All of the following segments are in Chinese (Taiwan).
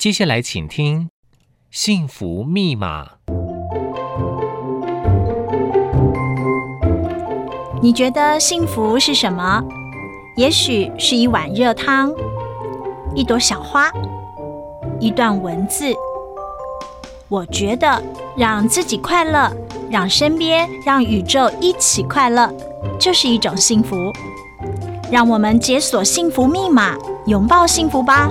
接下來，請聽《幸福密碼》。你覺得幸福是什麼？也許是一碗熱湯，一朵小花，一段文字。我覺得，讓自己快樂，讓身邊，讓宇宙一起快樂，就是一種幸福。讓我們解鎖幸福密碼，擁抱幸福吧。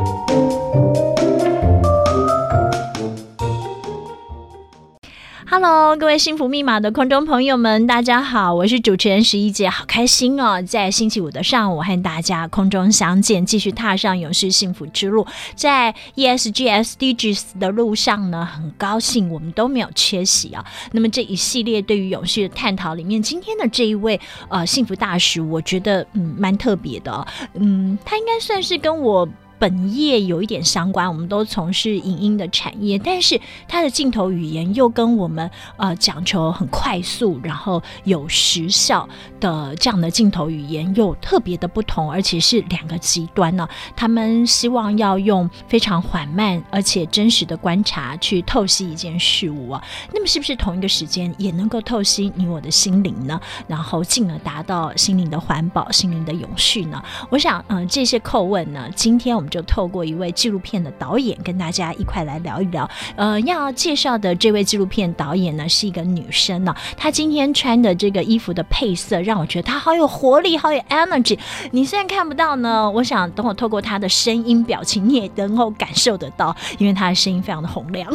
Hello，各位幸福密碼的空中朋友們，大家好，我是主持人十一姐，好開心哦，在星期五的上午和大家空中相見，繼續踏上永續幸福之路，在 ESG SDGs 的路上呢，很高興我們都沒有缺席啊。那麼這一系列對於永續的探討裡面，今天的這一位呃幸福大使，我覺得嗯蠻特別的哦，嗯，他應該算是跟我。本業有一點相關，我們都從事影音的產業，但是它的鏡頭語言又跟我們呃講求很快速，然後有時效的這樣的鏡頭語言又特別的不同，而且是兩個極端呢、哦。他們希望要用非常緩慢而且真實的觀察去透析一件事物啊、哦，那麼是不是同一個時間也能夠透析你我的心靈呢？然後進而達到心靈的環保、心靈的永續呢？我想，嗯、呃，這些叩問呢，今天我們。就透過一位紀錄片的導演跟大家一塊來聊一聊。呃，要介紹的這位紀錄片導演呢是一個女生呢、啊，她今天穿的這個衣服的配色讓我覺得她好有活力，好有 energy。你現在看不到呢，我想等我透過她的聲音表情，你也能夠感受得到，因為她的聲音非常的洪亮。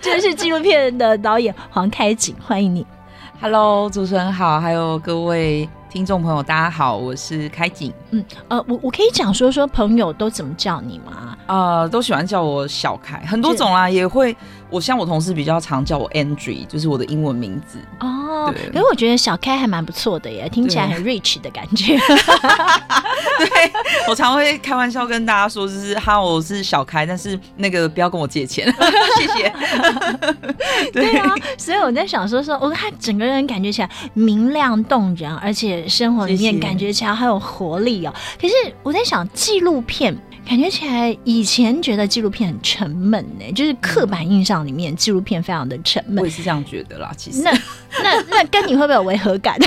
這 是紀錄片的導演黃開璟，歡迎你。Hello，主持人好，還有各位。聽眾朋友，大家好，我是開璟。嗯，呃，我我可以講說說朋友都怎麼叫你嗎？啊、呃，都喜歡叫我小凱，很多種啦、啊，也會。我像我同事比較常叫我 Andre 就是我的英文名字哦。可是我覺得小開還蠻不錯的耶，聽起來很 rich 的感覺。對， 對我常會開玩笑跟大家說，就是 哈，我是小開，但是那個不要跟我借錢， 謝謝 對。對啊，所以我在想說，說，說我他整個人感覺起來明亮動人，而且生活裡面感覺起來很有活力哦，喔。可是我在想紀錄片。感覺起來，以前覺得紀錄片很沉悶呢、欸，就是刻板印象裡面，嗯、紀錄片非常的沉悶。我也是這樣覺得啦，其實。那那那跟你會不會有違和感？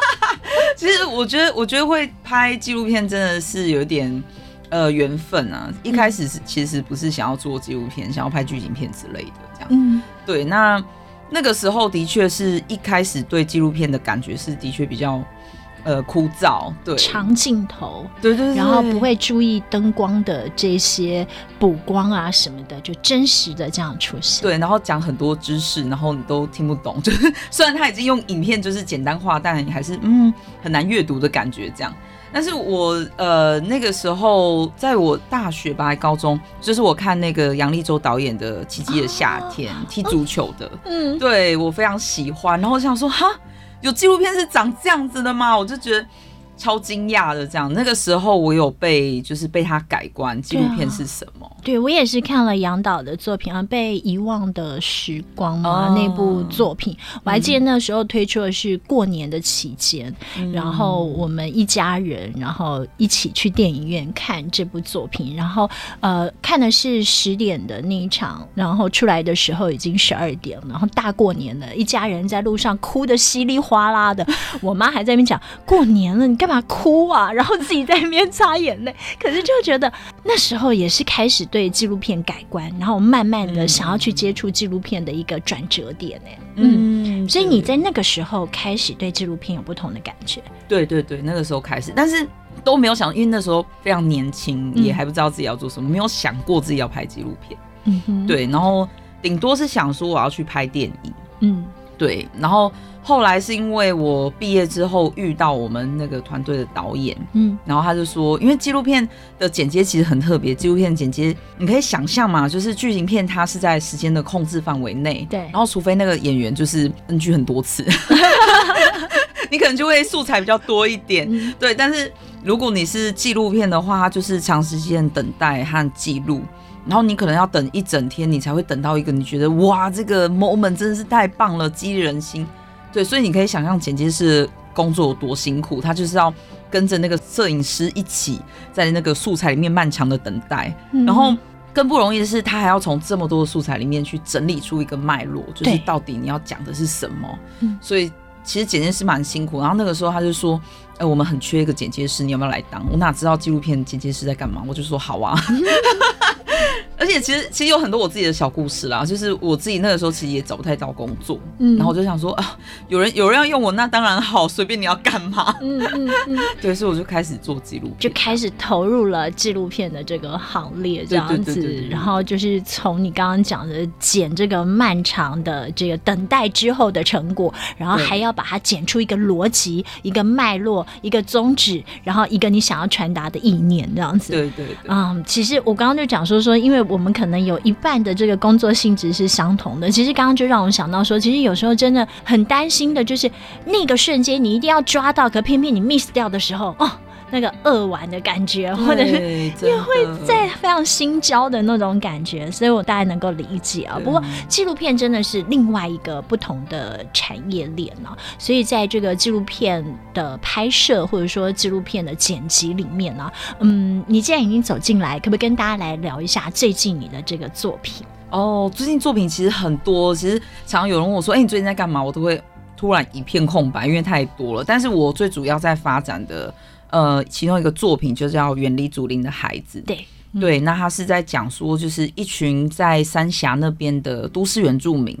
其實我覺得，我覺得會拍紀錄片真的是有點呃緣分啊。一開始是、嗯、其實不是想要做紀錄片，想要拍劇情片之類的這樣。嗯。對，那那個時候的確是一開始對紀錄片的感覺是的確比較。呃，枯燥，對，長鏡頭，對，對對，然後不會注意燈光的這些補光啊什麼的，就真實的這樣出現。對，然後講很多知識，然後你都聽不懂。就是雖然他已經用影片就是簡單化，但你還是嗯很難閱讀的感覺這樣。但是我呃那個時候在我大學吧，高中就是我看那個楊力州導演的《奇蹟的夏天》啊，踢足球的，啊、嗯，對我非常喜歡。然後我想說哈。有紀錄片是長這樣子的嗎？我就覺得。超驚訝的這樣，那個時候我有被就是被他改觀紀錄片是什麼？對啊、對，我也是看了楊導的作品啊，《被遺忘的時光》啊、oh, 那部作品，我還記得那時候推出的是過年的期間，嗯，然後我們一家人，然後一起去電影院看這部作品，然後呃看的是十點的那一場，然後出來的時候已經十二點，然後大過年了，一家人在路上哭得稀里嘩啦的，我媽還在那邊講 過年了你。嘛哭啊，然後自己在那邊擦眼淚， 可是就覺得那時候也是開始對紀錄片改觀，然後慢慢的想要去接觸紀錄片的一個轉折點呢、嗯。嗯，所以你在那個時候開始對紀錄片有不同的感覺。對對對，那個時候開始，但是都沒有想，因為那時候非常年輕，也還不知道自己要做什麼，沒有想過自己要拍紀錄片。嗯哼，對，然後頂多是想說我要去拍電影。嗯，對，然後。後來是因為我畢業之後遇到我們那個團隊的導演，嗯，然後他就說，因為紀錄片的剪接，其實很特別，紀錄片剪接，你可以想象嘛，就是劇情片它是在時間的控制範圍內，對，然後除非那個演員就是 NG 很多次， 你可能就會素材比較多一點，嗯、對，但是如果你是紀錄片的話，它就是長時間等待和記錄，然後你可能要等一整天，你才會等到一個你覺得哇，這個 moment 真的是太棒了，激勵人心。對，所以你可以想象剪輯師工作有多辛苦，他就是要跟着那個攝影師一起在那個素材裡面漫長的等待、嗯，然後更不容易的是他還要從這麼多的素材裡面去整理出一個脈絡，就是到底你要講的是什麼。所以其實剪輯師蠻辛苦。然後那個時候他就說：“哎，我們很缺一個剪輯師，你有沒有來當？”我哪知道紀錄片剪輯師在幹嘛？我就說：“好啊。”嗯而且其實其實有很多我自己的小故事啦，就是我自己那個時候其實也找不太到工作，嗯，然後我就想說啊，有人有人要用我，那當然好，隨便你要幹嘛，嗯嗯嗯， 對，所以我就開始做紀錄片，就開始投入了紀錄片的這個行列，這樣子、嗯對對對對對對，然後就是從你剛剛講的剪這個漫長的這個等待之後的成果，然後還要把它剪出一個邏輯、一個脈絡、一個宗旨，然後一個你想要傳達的意念，這樣子，對對，對對，嗯，其實我剛剛就講說說因為。我們可能有一半的這個工作性質是相同的，其實剛剛就讓我想到說，其實有時候真的很擔心的，就是那個瞬間你一定要抓到，可偏偏你 miss 掉的時候，哦。那個扼腕的感覺，或者是也會在非常心焦的那種感覺，所以我大概能夠理解啊。不過紀錄片真的是另外一個不同的產業鏈呢、啊，所以在這個紀錄片的拍攝或者說紀錄片的剪輯裡面呢、啊，嗯，你既然已經走進來，可不可以跟大家來聊一下最近你的這個作品？哦，最近作品其實很多，其實常常有人問我說：“哎、欸，你最近在幹嘛？”我都會突然一片空白，因為太多了。但是我最主要在發展的。呃，其中一個作品就叫《遠離祖靈的孩子》。對對，那他是在講說，就是一群在三峽那邊的都市原住民。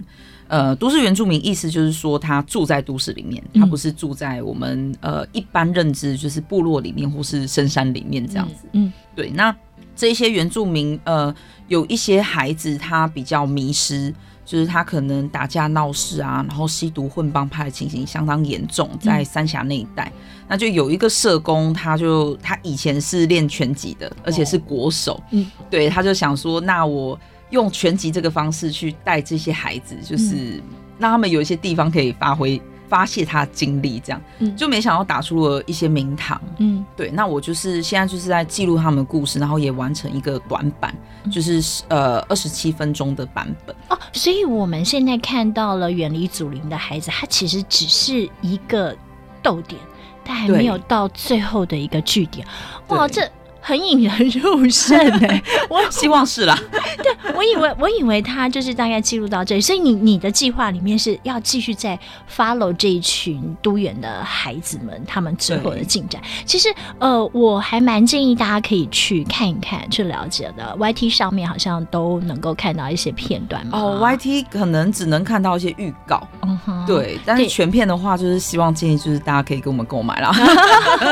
呃，都市原住民意思就是說，他住在都市裡面，他不是住在我們呃一般認知就是部落裡面或是深山裡面這樣子。嗯，對。那這些原住民，呃，有一些孩子他比較迷失。就是他可能打架鬧事啊，然後吸毒混幫派的情形相當嚴重，在三峽那一帶、嗯，那就有一個社工，他就他以前是練拳擊的，而且是國手、哦嗯，對，他就想說，那我用拳擊這個方式去帶這些孩子，就是讓他們有一些地方可以發揮。發洩他經歷，這樣，就沒想到打出了一些名堂，嗯，對，那我就是現在就是在記錄他們的故事，然後也完成一個短版，就是呃二十七分鐘的版本哦。所以我們現在看到了遠離祖靈的孩子，他其實只是一個逗點，但還沒有到最後的一個句點，哇，這。很引人入勝呢、欸。我希望是啦。對，我以為我以為他就是大概記錄到這裡，所以你你的計劃裡面是要繼續再 follow 這一群都原的孩子們他們之後的進展。其實呃，我還蠻建議大家可以去看一看，去了解的。Y T 上面好像都能夠看到一些片段。哦，Y T 可能只能看到一些預告，嗯哼。對，但是全片的話，就是希望建議就是大家可以跟我們購買啦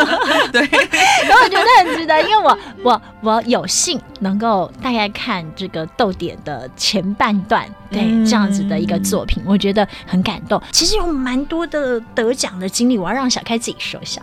對，然 後我覺得很值得，因為。我我我有幸能夠大概看這個《逗點》的前半段，對這樣子的一個作品，嗯，我覺得很感動。其實有蠻多的得獎的經歷，我要讓小開自己說一下。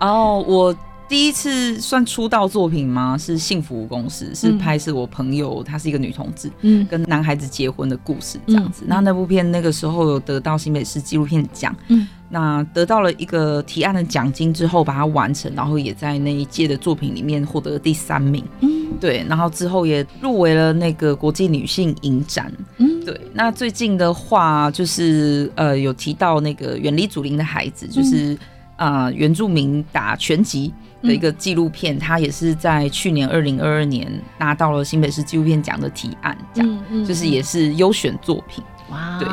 哦，我第一次算出道作品嗎？是《幸福無公式》，是拍攝我朋友，她是一個女同志，嗯，跟男孩子結婚的故事這樣子。那、嗯、那部片那個時候有得到新北市紀錄片獎，嗯。嗯那得到了一個提案的獎金之後，把它完成，然後也在那一屆的作品裡面獲得了第三名。嗯，對。然後之後也入圍了那個國際女性影展。嗯，對。那最近的話，就是呃，有提到那個遠離祖靈的孩子，就是啊、嗯呃，原住民打拳擊的一個紀錄片，嗯。他也是在去年二零二二年拿到了新北市紀錄片獎的提案，這、嗯、樣、嗯嗯、就是也是優選作品。哇對，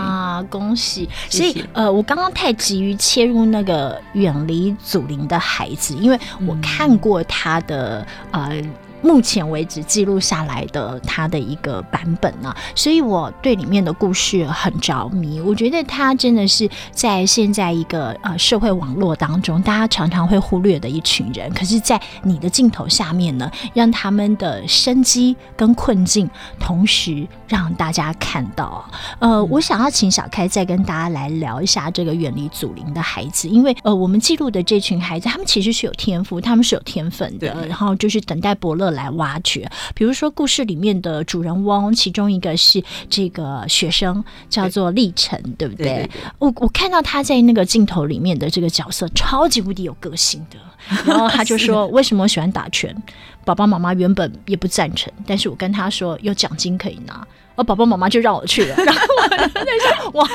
恭喜！所以謝謝，呃，我剛剛太急於切入那個遠離祖靈的孩子，因為我看過他的、嗯、呃。目前為止記錄下來的他的一個版本呢，啊，所以我對裡面的故事很着迷。我覺得他真的是在現在一個呃社會網絡當中，大家常常會忽略的一群人。可是在你的鏡頭下面呢，讓他們的生機跟困境，同時讓大家看到。呃、嗯，我想要請小開再跟大家來聊一下這個遠離祖靈的孩子，因為呃，我們記錄的這群孩子，他們其實是有天賦，他們是有天分的，然後就是等待伯樂。來挖掘，比如說故事裡面的主人翁，其中一個是這個學生，叫做歷程。對，對不對？對對對，我我看到他在那個鏡頭裡面的這個角色，超級無敵有個性的。 然後他就說：“ 為什麼我喜歡打拳？”爸爸媽媽原本也不贊成，但是我跟他說有獎金可以拿。我爸爸媽媽就讓我去了， 然後我在那時候哇，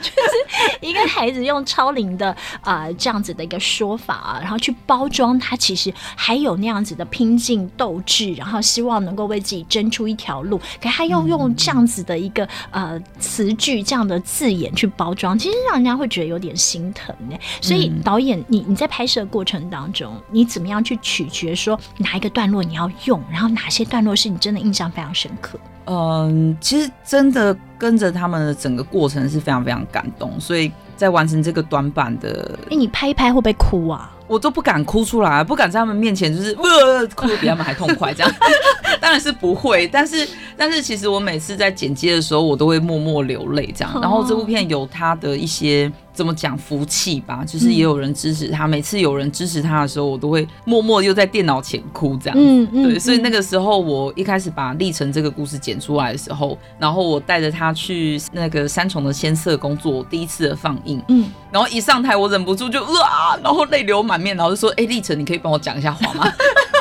就是一個孩子用超齡的啊、呃、這樣子的一個說法、啊，然後去包裝他其實還有那樣子的拼勁鬥志，然後希望能夠為自己爭出一條路，可是他又用這樣子的一個呃詞句這樣的字眼去包裝，其實讓人家會覺得有點心疼呢。所以導演，你你在拍攝過程當中，你怎麼樣去取決說哪一個段落你要用，然後哪些段落是你真的印象非常深刻？嗯，其實真的跟着他們的整個過程是非常非常感動，所以在完成這個短板的，哎、欸，你拍一拍會不會哭啊？我都不敢哭出來，不敢在他們面前，就是呃呃哭得比他們還痛快這樣。 當然是不會，但是但是其實我每次在剪接的時候，我都會默默流淚這樣。然後這部片有他的一些怎麼講福氣吧，就是也有人支持他、嗯。每次有人支持他的時候，我都會默默又在電腦前哭這樣。嗯嗯。對，所以那個時候我一開始把歷程這個故事剪出來的時候，然後我帶着他去那個三重的簽測工作，第一次的放映。嗯。然後一上台，我忍不住就、呃、啊，然後淚流滿面，然後就說：“哎、欸，歷程，你可以幫我講一下話嗎？”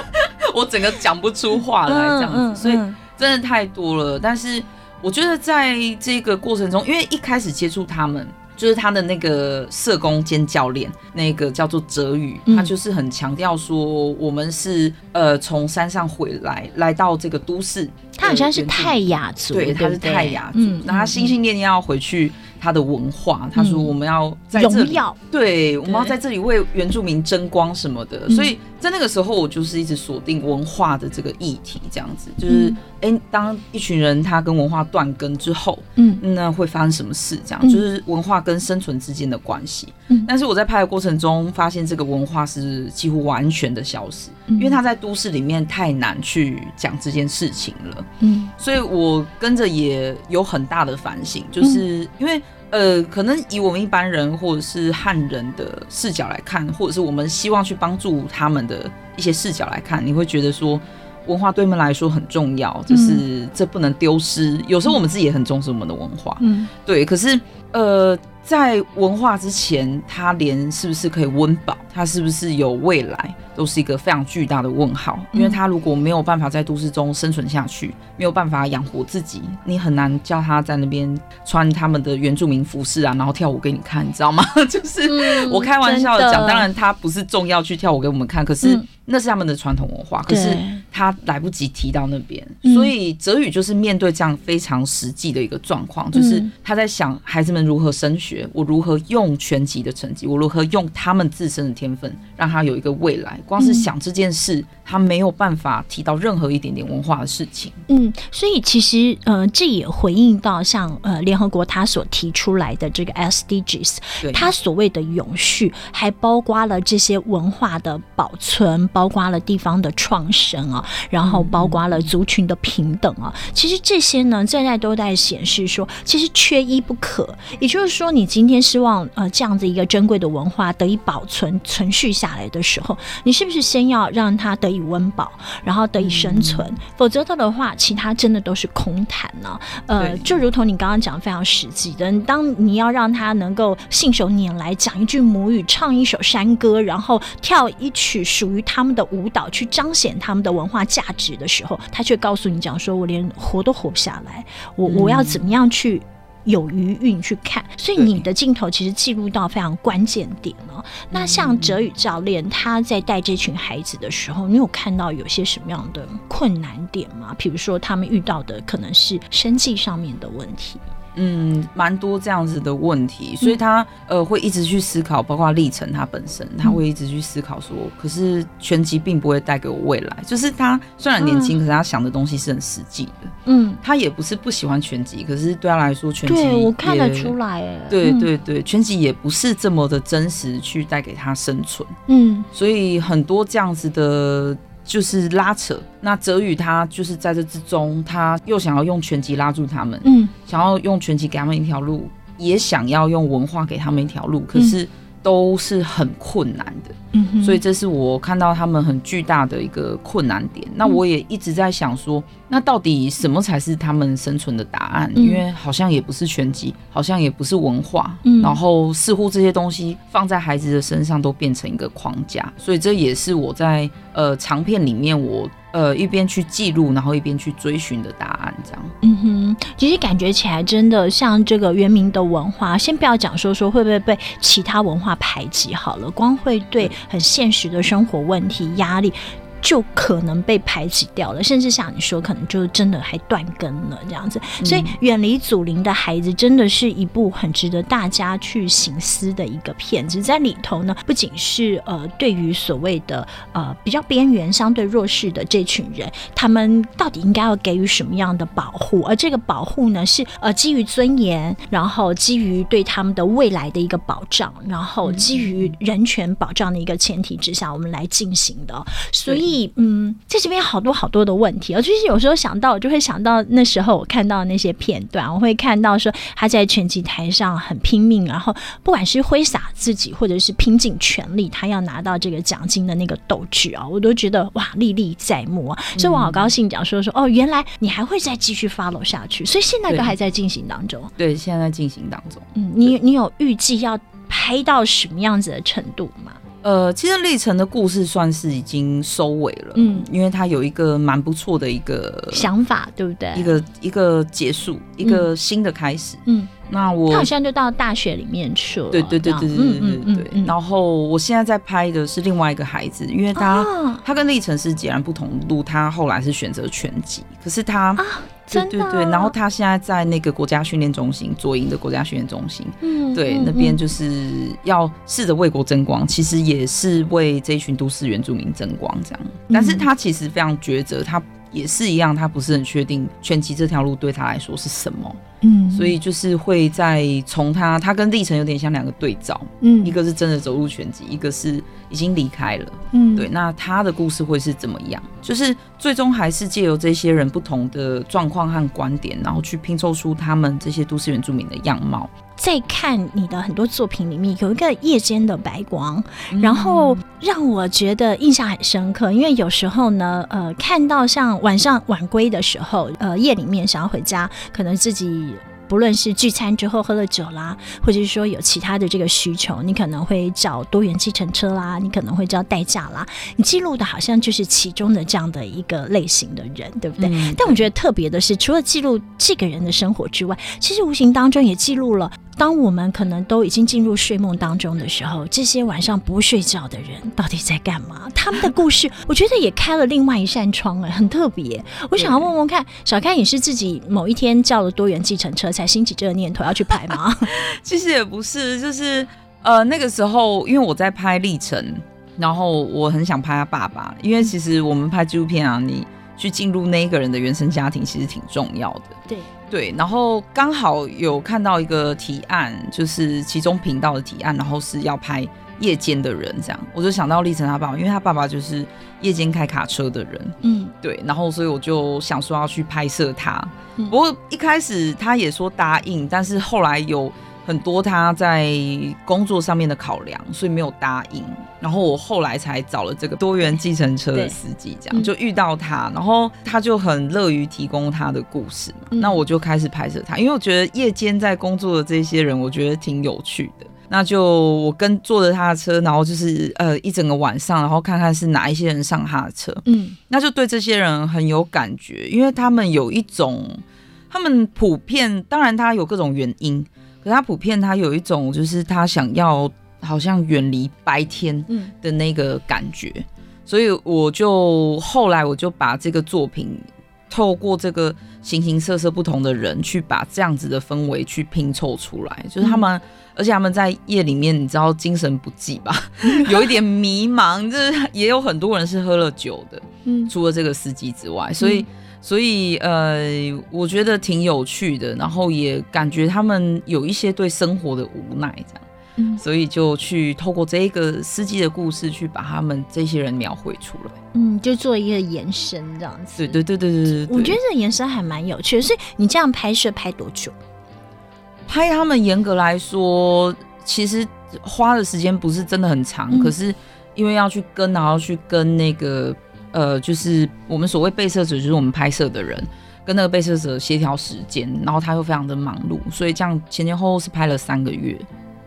我整個講不出話來，這樣子，嗯嗯嗯，所以真的太多了。但是我覺得在這個過程中，因為一開始接觸他們，就是他的那個社工兼教練，那個叫做哲宇，嗯，他就是很強調說，我們是呃從山上回來，來到這個都市。他好像是泰雅族的，對，泰雅族的，對，他是泰雅族，那他心心念念要回去。他的文化，他說我們要在這裡、嗯，對，我們要在這裡為原住民爭光什麼的。所以在那個時候，我就是一直鎖定文化的這個議題，這樣子就是、嗯欸，當一群人他跟文化斷根之後，嗯，那會發生什麼事？這樣、嗯、就是文化跟生存之間的關係。嗯，但是我在拍的過程中發現，這個文化是幾乎完全的消失，嗯、因為他在都市裡面太難去講這件事情了。嗯，所以我跟着也有很大的反省，就是因為。呃，可能以我們一般人或者是漢人的視角來看，或者是我們希望去幫助他們的一些視角來看，你會覺得說文化對我們來說很重要，嗯、就是這不能丟失。有時候我們自己也很重視我們的文化，嗯，對。可是呃，在文化之前，他連是不是可以溫飽，他是不是有未來？就是一個非常巨大的問號，因為他如果沒有辦法在都市中生存下去，嗯、沒有辦法養活自己，你很難叫他在那邊穿他們的原住民服飾啊，然後跳舞給你看，你知道嗎？嗯、 就是我開玩笑的講，當然他不是重要去跳舞給我們看，可是那是他們的傳統文化、嗯，可是他來不及提到那邊，所以澤宇就是面對這樣非常實際的一個狀況、嗯，就是他在想孩子們如何升學，我如何用全級的成績，我如何用他們自身的天分，讓他有一個未來。光是想這件事，嗯，他沒有辦法提到任何一點點文化的事情。嗯，所以其實呃，這也回應到像呃聯合國他所提出來的這個 SDGs，他所謂的永續還包括了這些文化的保存，包括了地方的創生啊，然後包括了族群的平等啊。嗯，其實這些呢，現在都在顯示說，其實缺一不可。也就是說，你今天希望呃這樣子一個珍貴的文化得以保存存續下來的時候，你是不是先要讓他得以溫飽，然後得以生存？嗯、否則的話，其他真的都是空談了、啊。呃，就如同你剛剛講的非常實際的，當你要讓他能夠信手拈來講一句母語，唱一首山歌，然後跳一曲屬於他們的舞蹈，去彰顯他們的文化價值的時候，他卻告訴你講說：“我連活都活不下來，我我要怎麼樣去？”有餘韻去看，所以你的鏡頭其實記錄到非常關鍵點哦，那像哲宇教練他在帶這群孩子的時候，你有看到有些什麼樣的困難點嗎？比如說他們遇到的可能是生計上面的問題。嗯，蠻多這樣子的問題，所以他呃會一直去思考，包括歷程他本身，他會一直去思考說，可是拳擊並不會帶給我未來。就是他雖然年輕，可是他想的東西是很實際的。嗯，他也不是不喜歡拳擊，可是對他來說，拳擊我看得出來。對對對，拳擊也不是這麼的真實去帶給他生存。嗯，所以很多這樣子的。就是拉扯，那澤宇他就是在這之中，他又想要用拳擊拉住他們，嗯，想要用拳擊給他們一條路，也想要用文化給他們一條路，可是，嗯都是很困難的、嗯，所以這是我看到他們很巨大的一個困難點。那我也一直在想說，嗯、那到底什麼才是他們生存的答案？嗯、因為好像也不是拳擊，好像也不是文化、嗯，然後似乎這些東西放在孩子的身上都變成一個框架。所以這也是我在呃長片裡面我。呃，一邊去記錄，然後一邊去追尋的答案，這樣。嗯哼，其實感覺起來真的像這個原民的文化，先不要講說說會不會被其他文化排擠好了，光會對很現實的生活問題、壓力。就可能被排擠掉了，甚至像你說，可能就真的還斷根了這樣子。所以，遠離祖靈的孩子，真的是一部很值得大家去省思的一個片子。在裡頭呢，不僅是呃，對於所謂的呃比較邊緣、相對弱勢的這群人，他們到底應該要給予什麼樣的保護？而這個保護呢，是呃基於尊嚴，然後基於對他們的未來的一個保障，然後基於人權保障的一個前提之下，我們來進行的。所以。嗯，在這邊好多好多的問題，就是有時候想到，我就會想到那時候我看到的那些片段，我會看到說他在拳擊台上很拼命，然後不管是揮灑自己，或者是拼盡全力，他要拿到這個獎金的那個鬥志啊，我都覺得哇歷歷在目啊！所以我好高興講說說哦，原來你還會再繼續 follow 下去，所以現在都還在進行當中。對，對，現在在進行當中。嗯，你你有預計要拍到什麼樣子的程度嗎？呃，其實歷程的故事算是已經收尾了，嗯，因為他有一個蠻不錯的一個想法，對不對？一個一個結束、嗯，一個新的開始，嗯。那我他好像就到大學裡面去了，對對對對對對對,對,對嗯嗯嗯嗯。然後我現在在拍的是另外一個孩子，因為他、啊、他跟歷程是截然不同路，他後來是選擇全集，可是他。啊對對對、啊，然後他現在在那個國家訓練中心，左營的國家訓練中心，嗯，對，嗯、那邊就是要試着為國爭光，其實也是為這一群都市原住民爭光，這樣。但是他其實非常抉擇，他。也是一樣，他不是很確定拳擊這條路對他來說是什麼，嗯，所以就是會再從他他跟歷程有點像兩個對照，嗯，一個是真的走入拳擊，一個是已經離開了，嗯，對，那他的故事會是怎麼樣？就是最終還是借由這些人不同的狀況和觀點，然後去拼湊出他們這些都市原住民的樣貌。在看你的很多作品裡面，有一個夜間的白光，嗯，然後讓我覺得印象很深刻。因為有時候呢，呃，看到像晚上晚歸的時候，呃，夜裡面想要回家，可能自己不論是聚餐之後喝了酒啦，或者是說有其他的這個需求，你可能會叫多元計程車啦，你可能會叫代駕啦。你記錄的好像就是其中的這樣的一個類型的人，對不對？嗯，但我覺得特別的是，除了記錄這個人的生活之外，其實無形當中也記錄了。當我們可能都已經進入睡夢當中的時候，這些晚上不睡覺的人到底在幹嘛？他們的故事，我覺得也開了另外一扇窗，哎，很特別。我想要問問看，小開也是自己某一天叫了多元計程車，才興起這個念頭要去拍嗎？其實也不是，就是呃那個時候，因為我在拍歷程，然後我很想拍他爸爸，因為其實我們拍紀錄片啊，你去進入那一個人的原生家庭，其實挺重要的。對。對，然後剛好有看到一個提案，就是其中頻道的提案，然後是要拍夜間的人這樣，我就想到立成他爸爸，因為他爸爸就是夜間開卡車的人，嗯，對，然後所以我就想說要去拍攝他，不過一開始他也說答應，但是後來有。很多他在工作上面的考量，所以沒有答應。然後我後來才找了這個多元計程車的司機，這樣就遇到他，然後他就很樂於提供他的故事嘛。那我就開始拍攝他，因為我覺得夜間在工作的這些人，我覺得挺有趣的。那就我跟坐着他的車，然後就是呃一整個晚上，然後看看是哪一些人上他的車，嗯，那就對這些人很有感覺，因為他們有一種，他們普遍，當然他有各種原因。可是他普遍，他有一種就是他想要好像遠離白天的那個感覺，嗯、所以我就後來我就把這個作品透過這個形形色色不同的人去把這樣子的氛圍去拼湊出來，就是他們、嗯，而且他們在夜裡面你知道精神不濟吧， 有一點迷茫，就是也有很多人是喝了酒的，嗯、除了這個司機之外，所以。嗯所以，呃，我覺得挺有趣的，然後也感覺他們有一些對生活的無奈，這樣，嗯，所以就去透過這一個司機的故事，去把他們這些人描繪出來，嗯，就做一個延伸，這樣子。對對對對對，對，對。我覺得這個延伸還蠻有趣的。所以你這樣拍攝拍多久？拍他們嚴格來說，其實花的時間不是真的很長，嗯，可是因為要去跟，然後去跟那個。呃，就是我們所謂被攝者，就是我們拍攝的人，跟那個被攝者協調時間，然後他又非常的忙碌，所以這樣前前後後是拍了三個月。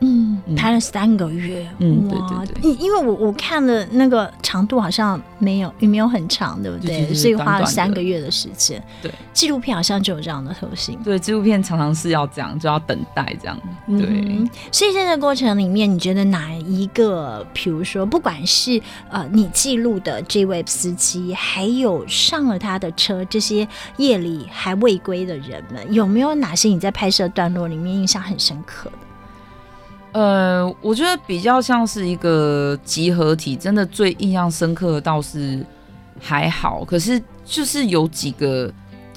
嗯，拍了三個月。嗯，哇，嗯，對對對。因因為我我看了那個長度好像沒有，也沒有很長，對不對？短短，所以花了三個月的時間。對，紀錄片好像就有這樣的特性。對，紀錄片常常是要這樣，就要等待這樣。對。嗯，所以現在過程裡面，你覺得哪一個，比如說，不管是呃你記錄的這位司機，還有上了他的車這些夜裡還未歸的人們，有沒有哪些你在拍攝段落裡面印象很深刻的？呃，我覺得比較像是一個集合體，真的最印象深刻的倒是還好，可是就是有幾個，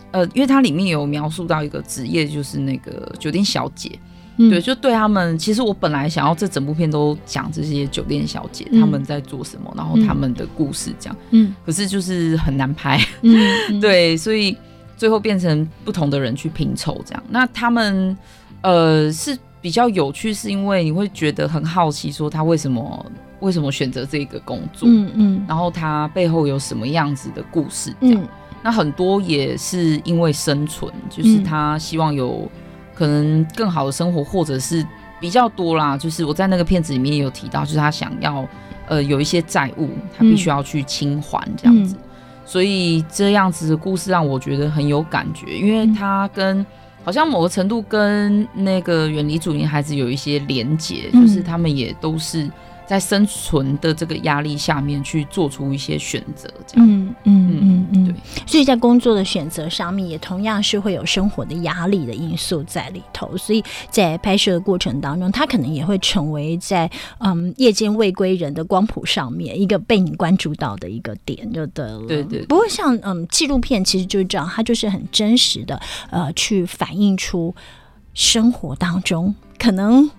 呃，因為它裡面有描述到一個職業，就是那個酒店小姐，嗯，對，就對他們，其實我本來想要這整部片都講這些酒店小姐，嗯，他們在做什麼，然後他們的故事這樣，嗯，可是就是很難拍，嗯， 對，所以最後變成不同的人去拼湊這樣，那他們呃是。比較有趣，是因為你會覺得很好奇，說他為什麼為什麼選擇這個工作，嗯嗯，然後他背後有什麼樣子的故事這樣，樣、嗯、那很多也是因為生存，就是他希望有可能更好的生活，或者是比較多啦，就是我在那個片子裡面也有提到，就是他想要呃有一些債務，他必須要去清還這樣子、嗯嗯，所以這樣子的故事讓我覺得很有感覺，因為他跟。好像某個程度跟那個遠離祖靈孩子有一些連結，嗯、就是他們也都是。在生存的這個壓力下面，去做出一些選擇，這樣。嗯嗯嗯嗯，對。所以在工作的選擇上面，也同樣是會有生活的壓力的因素在裡頭。所以在拍攝的過程當中，它可能也會成為在嗯夜間未歸人的光譜上面一個被你關注到的一個點，就得了。對對對。不過像嗯紀錄片，其實就是這樣，它就是很真實的，呃，去反映出生活當中可能。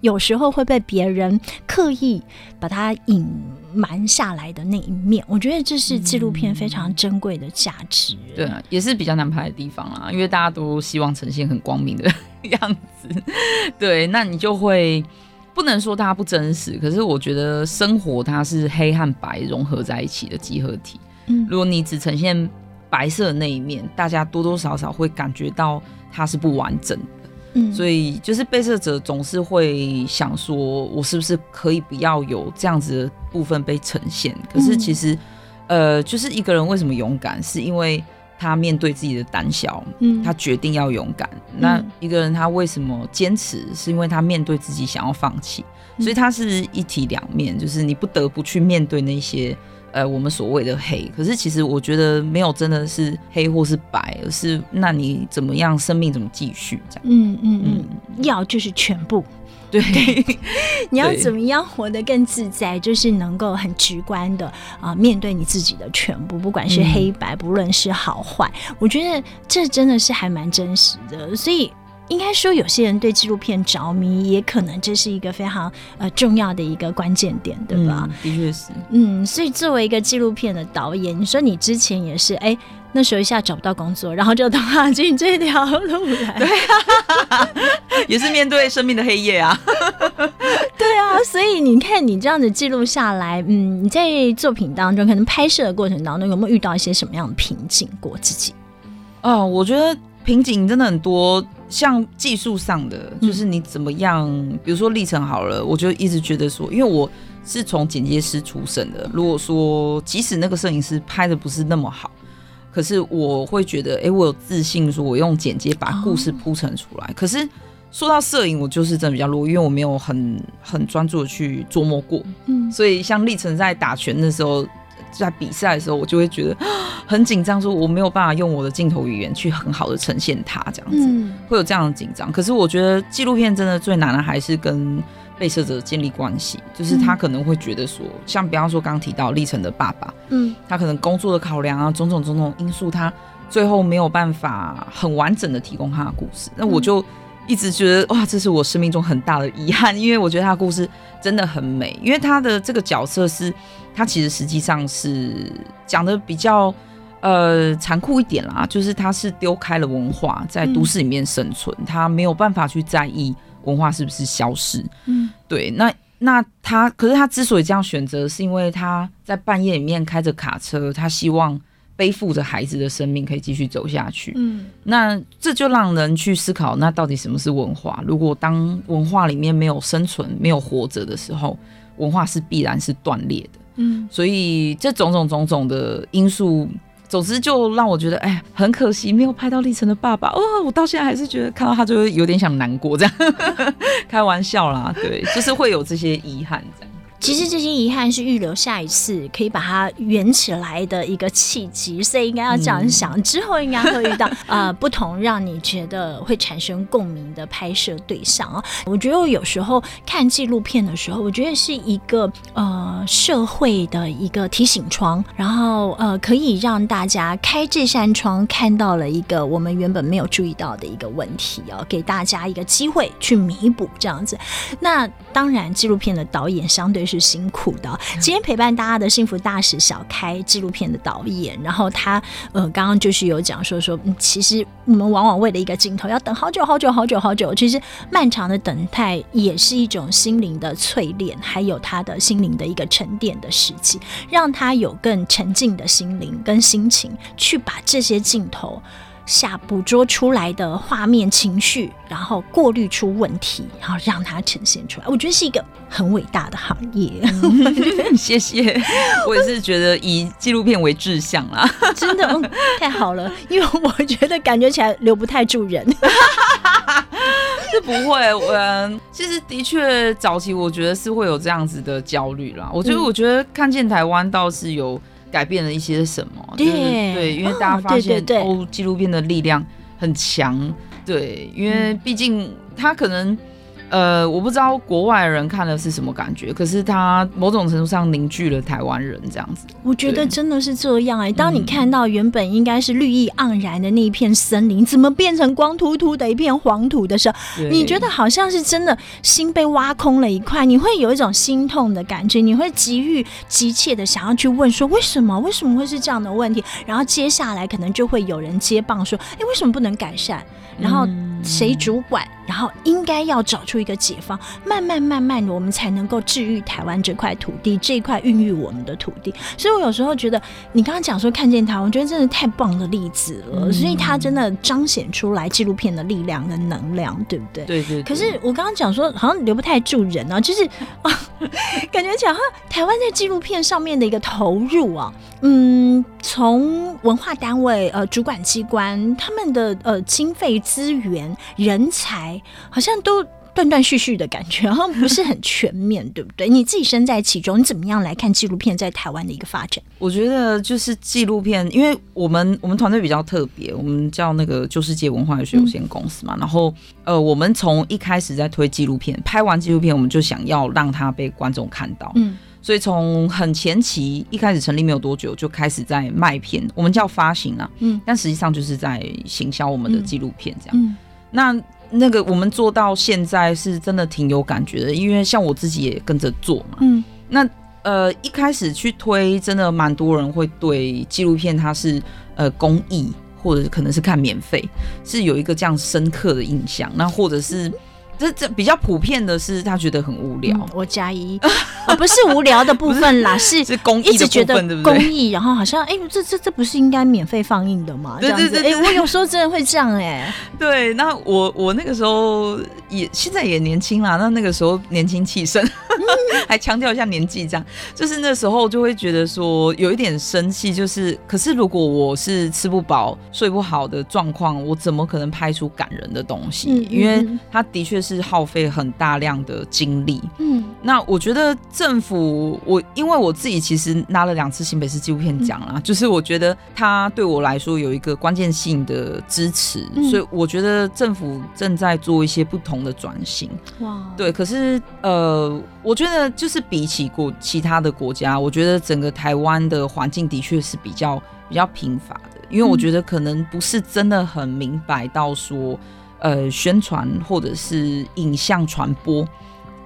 有時候會被別人刻意把它隱瞞下來的那一面，我覺得這是紀錄片非常珍貴的價值。嗯，對啊，也是比較難拍的地方啊，因為大家都希望呈現很光明的樣子。對，那你就會不能說大家不真實，可是我覺得生活它是黑和白融合在一起的集合體。嗯，如果你只呈現白色的那一面，大家多多少少會感覺到它是不完整的。所以就是被攝者總是會想說，我是不是可以不要有這樣子的部分被呈現？可是其實，呃，就是一個人為什麼勇敢，是因為他面對自己的膽小，他決定要勇敢。那一個人他為什麼堅持，是因為他面對自己想要放棄。所以他是一體兩面，就是你不得不去面對那些。呃，我們所謂的黑，可是其實我覺得沒有真的是黑或是白，而是那你怎麼樣，生命怎麼繼續這樣？嗯嗯嗯，要就是全部，對， 你要怎麼樣活得更自在，就是能夠很直觀的啊、呃、面對你自己的全部，不管是黑白，嗯、不論是好壞，我覺得這真的是還蠻真實的，所以。應該說，有些人對紀錄片着迷，也可能這是一個非常呃重要的一個關鍵點，嗯，對吧？的確是。嗯，所以作為一個紀錄片的導演，你說你之前也是，哎、欸，那時候一下找不到工作，然後就踏進這條路來，對啊， 也是面對生命的黑夜啊。 對啊，所以你看你這樣子記錄下來，嗯，你在作品當中，可能拍攝的過程當中，有沒有遇到一些什麼樣的瓶頸過自己？嗯、呃，我覺得。瓶頸真的很多，像技術上的，嗯，就是你怎麼樣，比如說歷程好了，我就一直覺得說，因為我是從剪接師出身的，如果說即使那個攝影師拍的不是那麼好，可是我會覺得，哎，欸，我有自信，說我用剪接把故事鋪陳出來，哦。可是說到攝影，我就是真的比較弱，因為我沒有很很專注的去琢磨過，嗯，所以像歷程在打拳的時候。在比賽的時候，我就會覺得很緊張，說我沒有辦法用我的鏡頭語言去很好的呈現他，這樣子會有這樣的緊張。可是我覺得紀錄片真的最難的還是跟被攝者建立關係，就是他可能會覺得說，像比方說剛提到歷程的爸爸，嗯，他可能工作的考量啊，種種種種因素，他最後沒有辦法很完整的提供他的故事，那我就。一直覺得哇，這是我生命中很大的遺憾，因為我覺得他的故事真的很美。因為他的這個角色是，他其實實際上是講的比較呃殘酷一點啦，就是他是丟開了文化，在都市裡面生存，嗯，他沒有辦法去在意文化是不是消失。嗯，對。那那他，可是他之所以這樣選擇，是因為他在半夜裡面開着卡車，他希望。背負着孩子的生命，可以繼續走下去。嗯，那這就讓人去思考，那到底什麼是文化？如果當文化裡面沒有生存、沒有活着的時候，文化是必然是斷裂的。嗯，所以這種種種種的因素，總之就讓我覺得，哎，很可惜沒有拍到歷程的爸爸。哦，我到現在還是覺得看到他就會有點想難過，這樣 開玩笑啦。對， 就是會有這些遺憾這樣。其實這些遺憾是預留下一次可以把它圓起來的一個契機，所以應該要這樣想，嗯、之後應該會遇到 呃不同讓你覺得會產生共鳴的拍攝對象哦。我覺得我有時候看紀錄片的時候，我覺得是一個呃社會的一個提醒窗，然後呃可以讓大家開這扇窗看到了一個我們原本沒有注意到的一個問題哦，給大家一個機會去彌補這樣子。那當然，紀錄片的導演相對。是辛苦的。今天陪伴大家的《幸福大使小開》紀錄片的導演，然後他呃，剛剛就是有講說說、嗯，其實我們往往為了一個鏡頭要等好久好久好久好久，其實漫長的等待也是一種心靈的淬煉，還有他的心靈的一個沉澱的時期，讓他有更沉靜的心靈跟心情去把這些鏡頭下捕捉出來的畫面情緒，然後過濾出問題，然後讓它呈現出來。我覺得是一個很偉大的行業。嗯、 謝謝，我也是覺得以紀錄片為志向啦， 真的太好了。因為我覺得感覺起來留不太住人，這 不會。嗯，其實的確早期我覺得是會有這樣子的焦慮啦。我覺得，嗯、我覺得看見台灣倒是有。改變了一些是什麼？對、就是、對，因為大家發現歐紀錄片的力量很強。對，因為畢竟他可能。呃，我不知道國外人看了是什麼感覺，可是他某種程度上凝聚了台灣人這樣子。我覺得真的是這樣哎、欸，當你看到原本應該是綠意盎然的那一片森林，嗯、怎麼變成光禿禿的一片黃土的時候，你覺得好像是真的心被挖空了一塊，你會有一種心痛的感覺，你會急於急切的想要去問說為什麼？為什麼會是這樣的問題？然後接下來可能就會有人接棒說，哎、欸，為什麼不能改善？然後、嗯。誰主管？然後應該要找出一個解方，慢慢慢慢的，我們才能夠治癒台灣這塊土地，這一塊孕育我們的土地。所以我有時候覺得，你剛剛講說看見台灣，我覺得真的太棒的例子了。所以它真的彰顯出來紀錄片的力量和能量，對不對？對對，對，對，對。可是我剛剛講說，好像留不太住人啊，就是啊， 感覺講哈，台灣在紀錄片上面的一個投入啊，嗯，從文化單位呃主管機關他們的呃經費資源。人才好像都斷斷續續的感覺，然後不是很全面， 對不對？你自己身在其中，你怎麼樣來看紀錄片在台灣的一個發展？我覺得就是紀錄片，因為我們我們團隊比較特別，我們叫那個舊世界文化學有限公司嘛。嗯、然後呃，我們從一開始在推紀錄片，拍完紀錄片我們就想要讓它被觀眾看到，嗯。所以從很前期一開始成立沒有多久，就開始在賣片，我們叫發行啊，嗯。但實際上就是在行銷我們的紀錄片，這樣，嗯嗯那那個我們做到現在是真的挺有感覺的，因為像我自己也跟着做嘛，嗯，那呃一開始去推，真的蠻多人會對紀錄片它是呃公益或者可能是看免費，是有一個這樣深刻的印象，那或者是。這這比較普遍的是，他覺得很無聊。嗯、我加一啊、哦，不是無聊的部分啦， 是是公益的部分，的公益對不對，然後好像哎、欸，這這這不是應該免費放映的嗎？對對對，哎、欸，我有時候真的會這樣哎、欸。對，那我我那個時候也現在也年輕啦，那那個時候年輕氣盛、嗯，還強調一下年紀，這樣就是那時候就會覺得說有一點生氣，就是可是如果我是吃不飽睡不好的狀況，我怎麼可能拍出感人的東西、嗯？因為他的確是。是耗費很大量的精力，嗯，那我覺得政府，我因為我自己其實拿了兩次新北市紀錄片獎啦，嗯，就是我覺得它對我來說有一個關鍵性的支持，嗯，所以我覺得政府正在做一些不同的轉型，哇，對。可是呃，我覺得就是比起國其他的國家，我覺得整個台灣的環境的確是比較比較貧乏的，因為我覺得可能不是真的很明白到說。嗯呃，宣傳或者是影像傳播，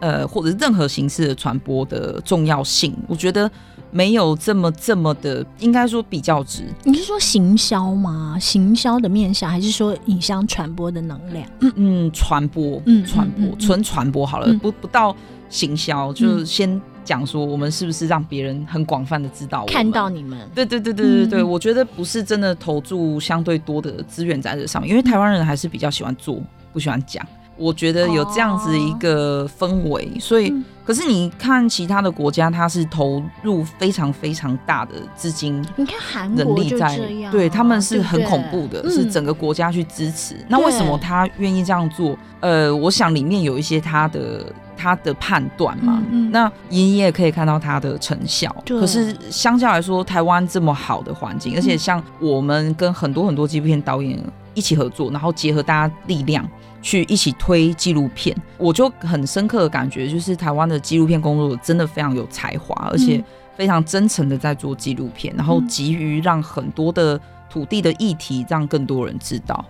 呃，或者是任何形式的傳播的重要性，我覺得沒有這麼這麼的，應該說比較值。你是說行銷嗎？行銷的面向，還是說影像傳播的能量？嗯嗯，傳播、傳播，嗯、嗯、嗯、嗯，傳播，純傳播好了，不不到行銷，就先。講說我們是不是讓別人很廣泛的知道我看到你們？對對對對對、嗯、我覺得不是真的投注相對多的資源在這上面，因為台灣人還是比較喜歡做，不喜歡講。我覺得有這樣子一個氛圍，哦，所以，嗯、可是你看其他的國家，它是投入非常非常大的資金人力在。你看韓國就這樣，啊，對他們是很恐怖的，是整個國家去支持。嗯、那為什麼他願意這樣做？呃，我想裡面有一些他的。他的判斷嘛，嗯嗯，那你也可以看到他的成效。可是相較來說，台灣這麼好的環境，而且像我們跟很多很多紀錄片導演一起合作，然後結合大家力量去一起推紀錄片，嗯，我就很深刻的感覺，就是台灣的紀錄片工作者真的非常有才華，而且非常真誠的在做紀錄片，然後急於讓很多的土地的議題讓更多人知道。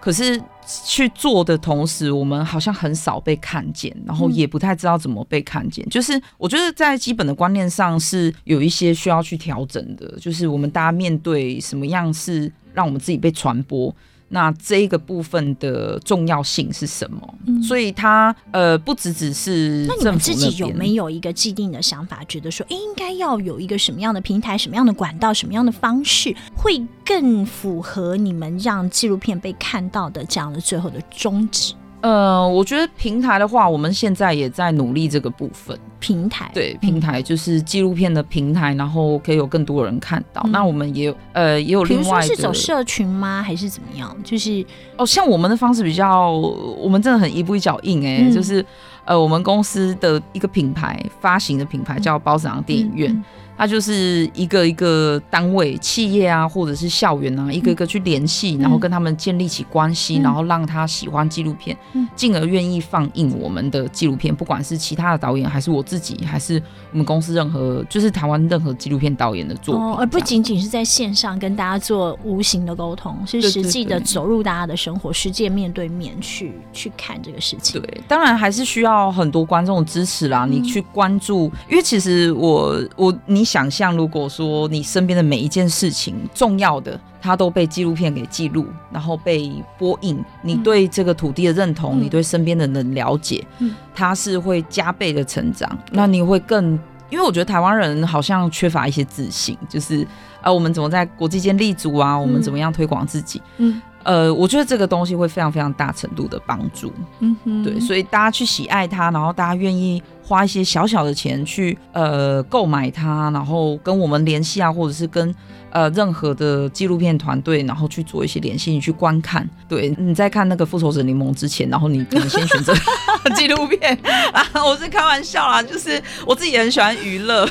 可是去做的同時，我們好像很少被看見，然後也不太知道怎麼被看見。嗯。就是我覺得在基本的觀念上是有一些需要去調整的，就是我們大家面對什麼樣是讓我們自己被傳播。那這一個部分的重要性是什麼？嗯、所以它呃，不只只是政府那邊，那你們自己有沒有一個既定的想法，覺得說，欸、應該要有一個什麼樣的平台、什麼樣的管道、什麼樣的方式，會更符合你們讓紀錄片被看到的這樣的最後的宗旨？呃，我覺得平台的話，我們現在也在努力這個部分。平台對平台、嗯、就是紀錄片的平台，然後可以有更多人看到。嗯、那我們也有呃，也有另外一，說是走社群嗎？還是怎麼樣？就是哦，像我們的方式比較，我們真的很一步一腳印哎、欸嗯，就是呃，我們公司的一個品牌發行的品牌叫包子堂電影院。嗯嗯嗯他就是一個一個單位、企業啊，或者是校園啊，一個一個去聯繫、嗯，然後跟他們建立起關係、嗯，然後讓他喜歡紀錄片，進、嗯、而願意放映我們的紀錄片、嗯，不管是其他的導演，還是我自己，還是我們公司任何，就是台灣任何紀錄片導演的作品、哦，而不僅僅是在線上跟大家做無形的溝通，是實際的走入大家的生活，世界，面對面去去看這個事情。對，當然還是需要很多觀眾的支持啦。你去關注，嗯、因為其實我我你。想象如果說你身邊的每一件事情重要的，它都被紀錄片給記錄，然後被播映，你對這個土地的認同，嗯、你對身邊的人了解、嗯，它是會加倍的成長、嗯。那你會更，因為我覺得台灣人好像缺乏一些自信，就是啊、呃，我們怎麼在國際間立足啊？我們怎麼樣推廣自己？嗯，嗯，呃，我覺得這個東西會非常非常大程度的幫助。嗯哼，對，所以大家去喜愛它，然後大家願意花一些小小的錢去呃購買它，然後跟我們聯繫啊，或者是跟呃任何的紀錄片團隊，然後去做一些聯繫，你去觀看。對，你在看那個《復仇者聯盟》之前，然後你你先選擇紀錄片、 啊、我是開玩笑啦，就是我自己也很喜歡娛樂，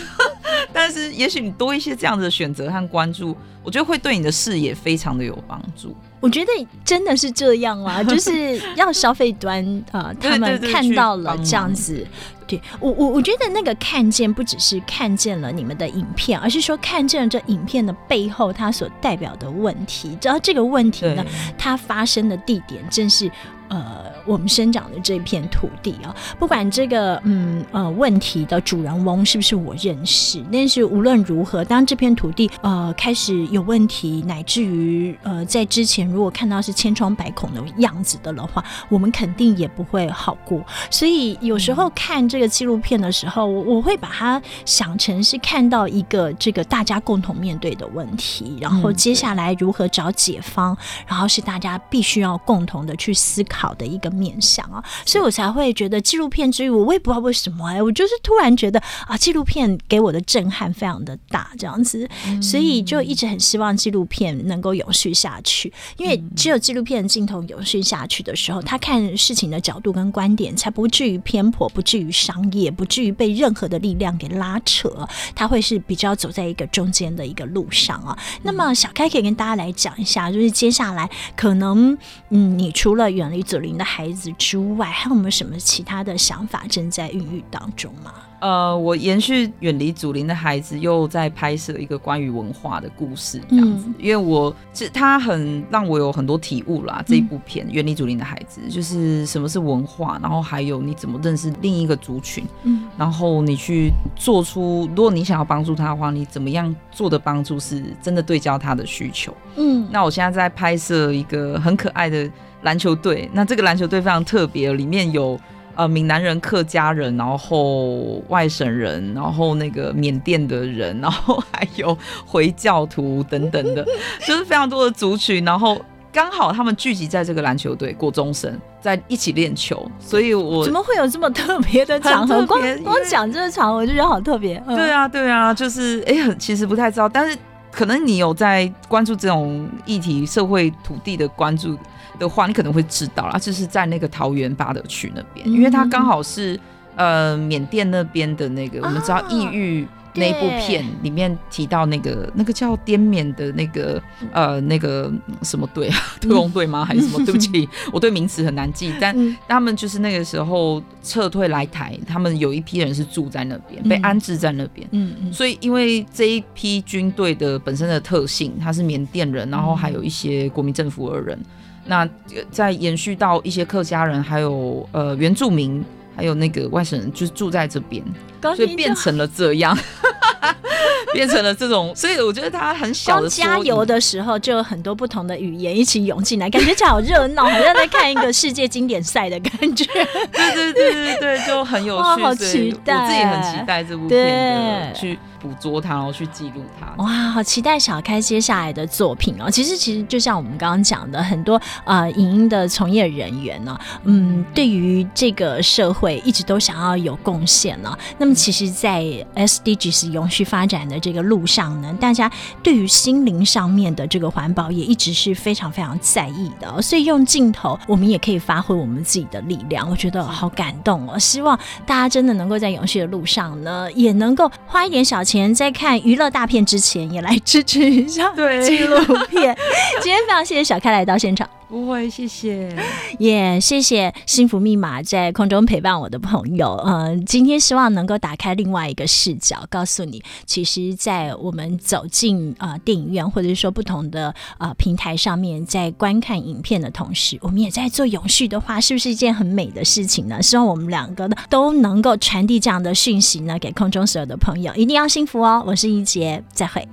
但是也許你多一些這樣子的選擇和關注，我覺得會對你的視野非常的有幫助。我覺得真的是這樣啦、啊，就是要消費端啊， 他們對對對對對，看到了這樣子。對，我我我覺得那個看見不只是看見了你們的影片，而是說看見了這影片的背後它所代表的問題，只要這個問題呢，它發生的地點正是。呃，我們生長的這片土地啊，不管這個嗯呃問題的主人翁是不是我認識，但是無論如何，當這片土地呃開始有問題，乃至於呃在之前如果看到是千瘡百孔的樣子的的話，我們肯定也不會好過。所以有時候看這個紀錄片的時候，嗯，我我會把它想成是看到一個這個大家共同面對的問題，然後接下來如何找解方，然後是大家必須要共同的去思考。好的一個面向啊，哦，所以我才會覺得紀錄片之餘，我也不知道為什麼哎，欸，我就是突然覺得啊，紀錄片給我的震撼非常的大，這樣子，所以就一直很希望紀錄片能夠永續下去，因為只有紀錄片的鏡頭永續下去的時候，他看事情的角度跟觀點才不至於偏頗，不至於商業，不至於被任何的力量給拉扯，他會是比較走在一個中間的一個路上啊，哦。那麼小開可以跟大家來講一下，就是接下來可能嗯，你除了遠離祖靈的孩子之外，還有沒有什麼其他的想法正在孕育當中嗎？呃，我延續《遠離祖靈的孩子》，又在拍攝一個關於文化的故事這樣子，嗯、因為我這他很讓我有很多體悟啦。這一部片嗯、《遠離祖靈的孩子》，就是什麼是文化，然後還有你怎麼認識另一個族群，嗯，然後你去做出，如果你想要幫助他的話，你怎麼樣做的幫助是真的對焦他的需求？嗯，那我現在在拍攝一個很可愛的。籃球隊，那這個籃球隊非常特別，裡面有呃閩南人、客家人，然後外省人，然後那個緬甸的人，然後還有回教徒等等的， 就是非常多的族群。然後剛好他們聚集在這個籃球隊過中生，在一起練球，所以我怎麼會有這麼特別的場合？光光講這個場合，我就覺得好特別。對啊，對啊，就是哎、欸，其實不太知道，但是可能你有在關注這種議題、社會、土地的關注。的話，你可能會知道啦，就是在那個桃園八德區那邊，因為他剛好是呃緬甸那邊的那個，我們知道異域那一部片裡面提到那個、啊、那個叫滇緬的那個呃那個什麼隊啊，特工隊嗎？還是什麼？對不起， 我對名詞很難記。但他們就是那個時候撤退來台，他們有一批人是住在那邊，被安置在那邊。嗯嗯。所以因為這一批軍隊的本身的特性，他是緬甸人，然後還有一些國民政府的人。那再延續到一些客家人，還有呃原住民，還有那個外省人，就是住在這邊，就所以變成了這樣， 變成了這種。所以我覺得他很小的。加油的時候就有很多不同的語言一起湧進來， 感覺就好熱鬧，好像在看一個世界經典賽的感覺。對對對對對，就很有趣， 哦好期待啊、我自己很期待這部電影去。捕捉它，然後去記錄它。哇，好期待小開接下來的作品哦！其實，其實就像我們剛剛講的，很多呃影音的從業人員呢，嗯，對於這個社會一直都想要有貢獻呢，那麼，其實，在 SDGs 永續發展的這個路上呢，大家對於心靈上面的這個環保也一直是非常非常在意的。所以，用鏡頭，我們也可以發揮我們自己的力量。我覺得好感動哦！希望大家真的能夠在永續的路上呢，也能夠花一點小錢。在看娛樂大片之前，也來支持一下紀錄片。 今天非常謝謝小開來到現場。不會，謝謝，也、yeah, 謝謝幸福密碼在空中陪伴我的朋友。嗯、呃，今天希望能夠打開另外一個視角，告訴你，其實，在我們走進啊、呃、電影院，或者是說不同的啊、呃、平台上面，在觀看影片的同時，我們也在做永續的話，是不是一件很美的事情呢？希望我們兩個呢都能夠傳遞這樣的訊息呢，給空中所有的朋友，一定要幸福哦！我是一杰，再會。